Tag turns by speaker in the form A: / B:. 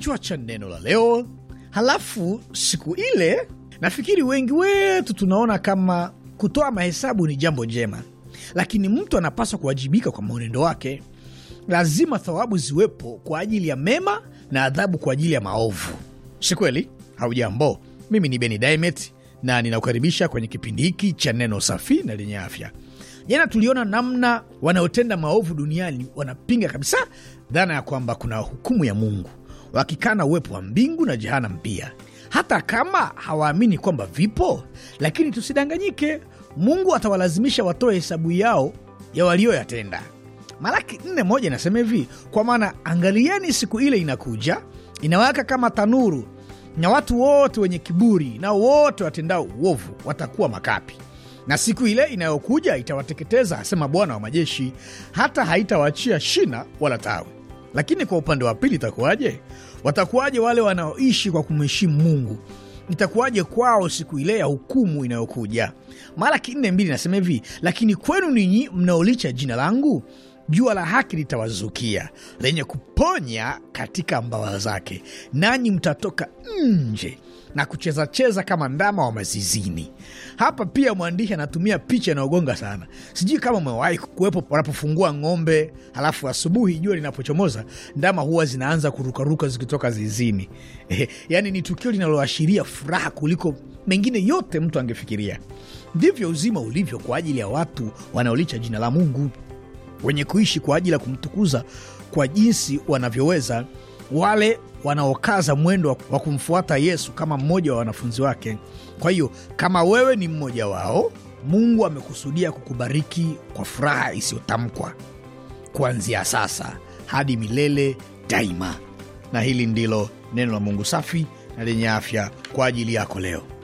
A: kichwa cha neno la leo, halafu siku ile. Nafikiri wengi wetu tunaona kama kutoa mahesabu ni jambo njema, lakini mtu anapaswa kuwajibika kwa mwenendo wake. Lazima thawabu ziwepo kwa ajili ya mema na adhabu kwa ajili ya maovu, si kweli? Haujambo, mimi ni Beni Dimet na ninakukaribisha kwenye kipindi hiki cha neno safi na lenye afya. Jana tuliona namna wanaotenda maovu duniani wanapinga kabisa dhana ya kwamba kuna hukumu ya Mungu wakikana uwepo wa mbingu na jehanamu pia, hata kama hawaamini kwamba vipo. Lakini tusidanganyike, Mungu atawalazimisha watoe hesabu yao ya walioyatenda. Malaki nne moja inasema hivi: kwa maana angalieni, siku ile inakuja, inawaka kama tanuru, na watu wote wenye kiburi na wote watendao uovu watakuwa makapi, na siku ile inayokuja itawateketeza, asema Bwana wa majeshi, hata haitawaachia shina wala tawi. Lakini kwa upande wa pili itakuwaje? Watakuwaje wale wanaoishi kwa kumheshimu Mungu? Itakuwaje kwao siku ile ya hukumu inayokuja? Malaki nne mbili nasema hivi, lakini kwenu ninyi mnaolicha jina langu jua la haki litawazukia lenye kuponya katika mbawa zake, nanyi mtatoka nje na kuchezacheza kama ndama wa mazizini. Hapa pia mwandishi anatumia picha inayogonga sana. Sijui kama umewahi kuwepo wanapofungua ng'ombe, halafu asubuhi jua linapochomoza ndama huwa zinaanza kurukaruka zikitoka zizini. yani ni tukio linaloashiria furaha kuliko mengine yote mtu angefikiria. Ndivyo uzima ulivyo kwa ajili ya watu wanaolicha jina la Mungu, wenye kuishi kwa ajili ya kumtukuza kwa jinsi wanavyoweza, wale wanaokaza mwendo wa kumfuata Yesu kama mmoja wa wanafunzi wake. Kwa hiyo kama wewe ni mmoja wao, Mungu amekusudia kukubariki kwa furaha isiyotamkwa kuanzia sasa hadi milele daima. Na hili ndilo neno la Mungu safi na lenye afya kwa ajili yako leo.